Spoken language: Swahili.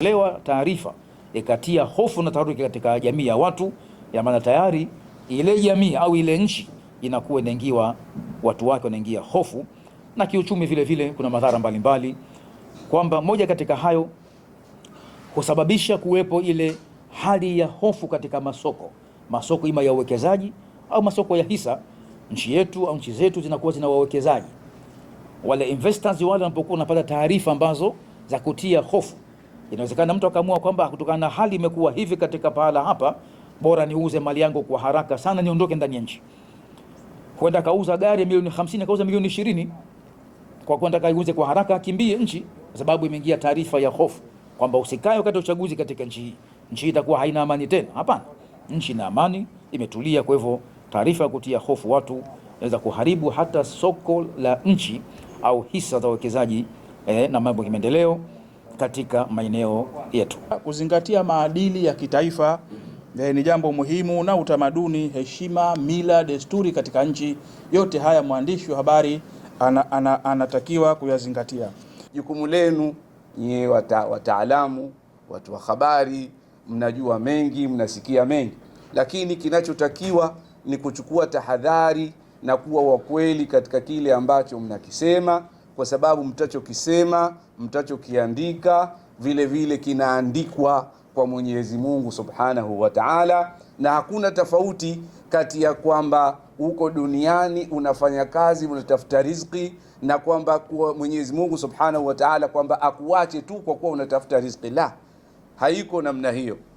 lewa taarifa ikatia hofu na taharuki katika jamii ya watu, ya maana tayari ile jamii au ile nchi inakuwa inaingiwa, watu wake wanaingia hofu, na kiuchumi vile vile kuna madhara mbalimbali, kwamba moja katika hayo husababisha kuwepo ile hali ya hofu katika masoko, masoko ima ya uwekezaji au masoko ya hisa. Nchi yetu au nchi zetu zinakuwa zina wawekezaji wale investors wale, wanapokuwa wanapata taarifa ambazo za kutia hofu Inawezekana mtu akaamua kwamba kutokana na hali imekuwa hivi katika pahala hapa, bora niuze mali yangu kwa haraka sana, niondoke ndani ya nchi. Kwenda kauza gari milioni 50, kauza milioni 20 kwa kwenda kaiuze kwa haraka, akimbie nchi, kwa sababu imeingia taarifa ya hofu kwamba usikae wakati wa uchaguzi katika nchi hii, nchi itakuwa haina amani tena. Hapana, nchi na amani, imetulia. Kwa hivyo taarifa ya kutia hofu watu inaweza kuharibu hata soko la nchi au hisa za wawekezaji eh, na mambo ya maendeleo katika maeneo yetu. Kuzingatia maadili ya kitaifa eh, ni jambo muhimu na utamaduni, heshima, mila, desturi katika nchi yote. Haya mwandishi wa habari ana, ana, anatakiwa kuyazingatia. Jukumu lenu nyie wata, wataalamu, watu wa habari, mnajua mengi, mnasikia mengi, lakini kinachotakiwa ni kuchukua tahadhari na kuwa wakweli katika kile ambacho mnakisema kwa sababu mtachokisema mtachokiandika vile vile kinaandikwa kwa Mwenyezi Mungu Subhanahu wa Ta'ala, na hakuna tofauti kati ya kwamba uko duniani unafanya kazi unatafuta riziki na kwamba kwa Mwenyezi Mungu Subhanahu wa Ta'ala kwamba akuache tu kwa kuwa unatafuta riziki, la, haiko namna hiyo.